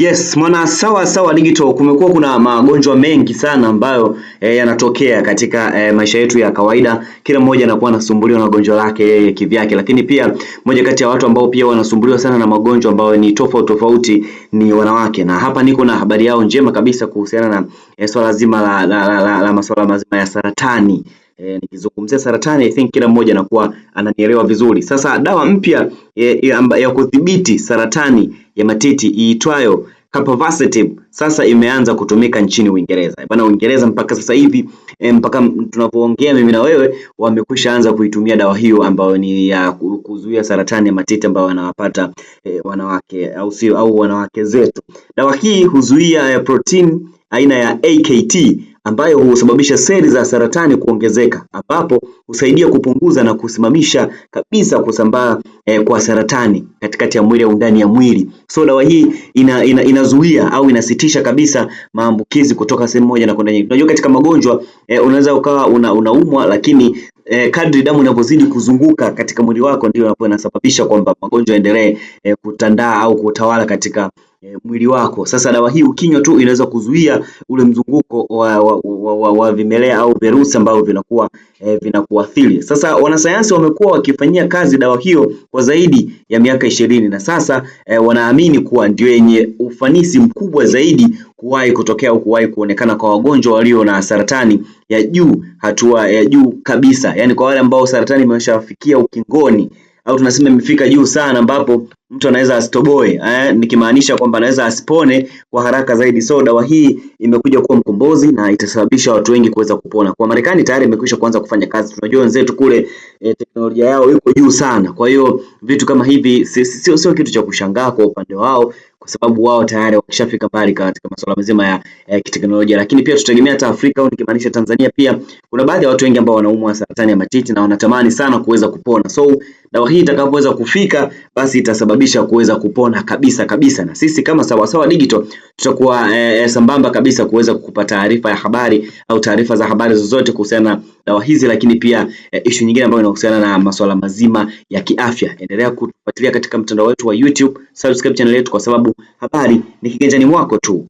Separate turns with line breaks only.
Yes, mwana sawa sawa digital, kumekuwa kuna magonjwa mengi sana ambayo e, yanatokea katika e, maisha yetu ya kawaida. Kila mmoja anakuwa anasumbuliwa na gonjwa lake yeye eh, kivyake, lakini pia moja kati ya watu ambao pia wanasumbuliwa sana na magonjwa ambayo ni tofauti tofauti ni wanawake, na hapa niko na habari yao njema kabisa kuhusiana na e, swala zima la, la, la, la, la masuala mazima ya saratani E, nikizungumzia saratani I think kila mmoja anakuwa ananielewa vizuri. Sasa dawa mpya e, eh, ya, ya kudhibiti saratani ya matiti iitwayo Capavasertib sasa imeanza kutumika nchini Uingereza. Bwana Uingereza mpaka sasa hivi e, mpaka tunapoongea mimi na wewe wamekwisha anza kuitumia dawa hiyo ambayo ni ya kuzuia saratani ya matiti ambayo wanawapata e, wanawake au sio, au wanawake zetu. Dawa hii huzuia e, aina ya AKT ambayo husababisha seli za saratani kuongezeka ambapo husaidia kupunguza na kusimamisha kabisa kusambaa eh, kwa saratani katikati ya mwili au ndani ya mwili. So dawa hii ina, ina, inazuia au inasitisha kabisa maambukizi kutoka sehemu moja na kwenda nyingine. Unajua katika magonjwa eh, unaweza ukawa una, unaumwa lakini eh, kadri damu inavyozidi kuzunguka katika mwili wako ndio inakuwa inasababisha kwamba magonjwa yaendelee eh, kutandaa au kutawala katika Eh, mwili wako. Sasa dawa hii ukinywa tu inaweza kuzuia ule mzunguko wa, wa, wa, wa, wa vimelea au virusi ambavyo vinakuwa eh, vinakuathiri. Sasa wanasayansi wamekuwa wakifanyia kazi dawa hiyo kwa zaidi ya miaka ishirini na sasa eh, wanaamini kuwa ndio yenye ufanisi mkubwa zaidi kuwahi kutokea au kuwahi kuonekana kwa wagonjwa walio na saratani ya juu, hatua ya juu kabisa, yaani kwa wale ambao saratani imeshafikia ukingoni au tunasema imefika juu sana ambapo mtu anaweza asitoboe eh, nikimaanisha kwamba anaweza asipone kwa haraka zaidi. So dawa hii imekuja kuwa mkombozi na itasababisha watu wengi kuweza kupona. Kwa Marekani tayari imekwisha kuanza kufanya kazi. Tunajua wenzetu kule eh, teknolojia yao iko juu sana, kwa hiyo vitu kama hivi sio si, si, si, si, kitu cha kushangaa kwa upande wao, kwa sababu wao tayari wakishafika mbali katika masuala mazima ya eh, kiteknolojia. Lakini pia tutegemea hata Afrika au nikimaanisha Tanzania, pia kuna baadhi ya watu wengi ambao wanaumwa saratani ya matiti na wanatamani sana kuweza kupona. So dawa hii itakapoweza kufika, basi itasababisha kuweza kupona kabisa kabisa, na sisi kama Sawasawa Digital tutakuwa eh, eh, sambamba kabisa kuweza kukupa taarifa ya habari au taarifa za habari zozote kuhusiana dawa hizi, lakini pia eh, ishu nyingine ambayo inahusiana na masuala mazima ya kiafya. Endelea kutufuatilia katika mtandao wetu wa YouTube, subscribe channel yetu, kwa sababu habari ni kiganjani mwako tu.